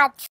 out.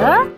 嗯